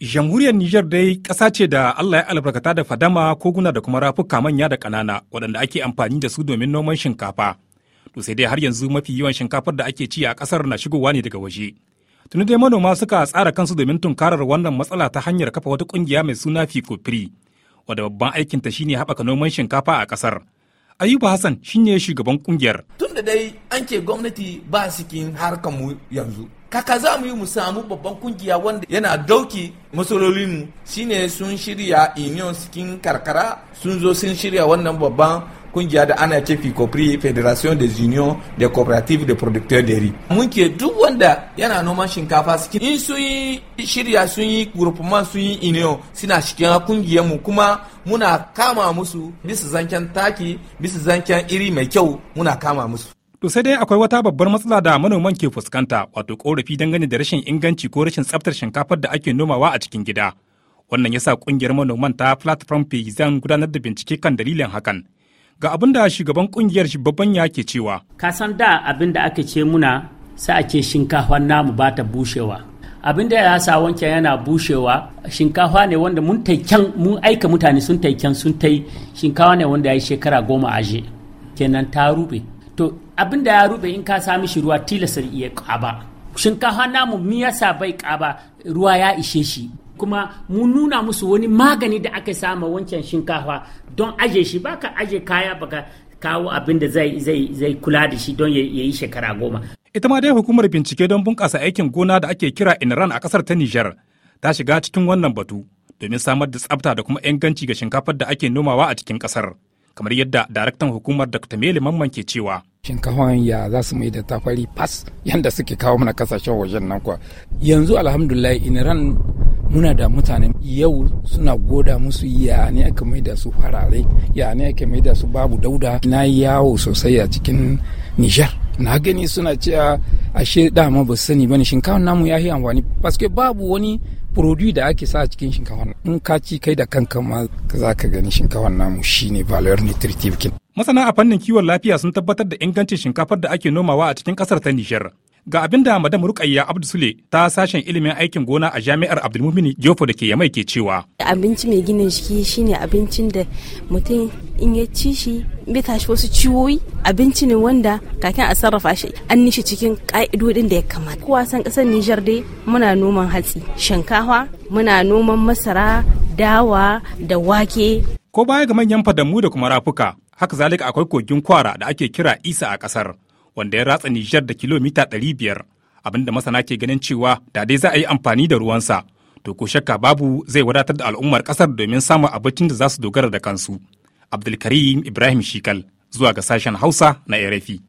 Jamhuriyar Nijar dai ƙasa ce da Allah ya albarkata da fadama koguna da kuma rafuka manya da ƙanana waɗanda ake amfani da su domin noman shinkafa. To sai dai har yanzu mafi yawan shinkafar da ake ci a ƙasar na shigowa ne daga waje. Tuni dai manoma suka tsara kansu domin tunkarar wannan matsala ta hanyar kafa wata ƙungiya mai suna firi. wadda babban aikinta shine haɓaka noman shinkafa a ƙasar. Ayuba Hassan shine shugaban ƙungiyar. Tun da dai an ke gwamnati ba sikin harkar mu yanzu. kaka za mu yi mu samu babban kungiya wanda yana dauki matsalolinmu shine sun shirya union cikin karkara sun zo sun shirya wannan babban kungiya da ana ce ficopri federation des union de cooperative de producteurs de riz mun ke duk wanda yana noman shinkafa cikin in sun yi shirya sun yi groupement sun yi union suna cikin kungiyar mu kuma muna kama musu bisa zancen taki bisa zancen iri mai kyau muna kama musu To sai dai akwai wata babbar matsala da manoman ke fuskanta wato korafi dangane da rashin inganci ko rashin tsaftar shinkafar da ake nomawa a cikin gida. Wannan yasa kungiyar manoman ta platform Payzan gudanar da bincike kan dalilin hakan. Ga abin da shugaban kungiyar babban ya ke cewa. Ka san da abin da aka ce muna sai a ce shinkafar namu ba ta bushewa. Abin da ya sa wancan yana bushewa shinkafa ne wanda mun taiken mun aika mutane sun taiken sun tai shinkafa ne wanda ya yi shekara goma aje kenan ta rube. to abin da ya rube in ka sami shi ruwa tilasar iya ƙaba shinkafa namu mi yasa bai ƙaba ruwa ya ishe shi kuma mu nuna musu wani magani da aka sama wancan shinkafa don aje shi baka aje kaya baka kawo abin da zai zai kula da shi don ya yi shekara goma ita ma dai hukumar bincike don bunƙasa aikin gona da ake kira inran a ƙasar ta Nijar ta shiga cikin wannan batu domin samar da tsafta da kuma inganci ga shinkafar da ake nomawa a cikin ƙasar. kamar yadda daraktan hukumar dr mele mamman ke cewa shinkafan ya za su mai da tafari fas yadda suke kawo mana kasashen wajen nan kuwa yanzu in ran muna da mutane yau suna goda musu ya ne aka mai da su farare ya ne aka mai da su babu dauda na yawo sosai a cikin nijar na gani suna cewa ashe dama ba sani bane shinkafan namu ya yi amfani paske babu wani produit da ake sa a cikin shinkafa in ka ci kai da kanka ma za ka gani shinkafa namu shine valor nutritive kin masana a fannin kiwon lafiya sun tabbatar da ingancin shinkafar da ake nomawa a cikin kasar ta Nijar Ga abin da Madam Rukayya Abdu Sule ta sashen ilimin aikin gona a Jami'ar Abdulmumin Jofo da ke Yamai ke cewa. Abinci mai gina jiki shine abincin da mutum in ya ci shi bai tashi wasu ciwoyi abinci ne wanda kakin a sarrafa shi an nishi cikin ka'idodin da ya kamata. Kowa san kasar Nijar dai muna noman hatsi, shinkafa, muna noman masara, dawa da wake. Ko baya ga manyan fadamu da kuma rafuka, haka zalika akwai kogin kwara da ake kira isa a kasar. wanda ya ratsa Nijar da kilomita ɗari 500 abinda masana ke ganin cewa da dai za a yi amfani da ruwansa to ko shakka babu zai wadatar da al'ummar ƙasar domin samun abincin da za su dogara da kansu. Abdulkarim Ibrahim Shikal zuwa ga sashen Hausa na RFI.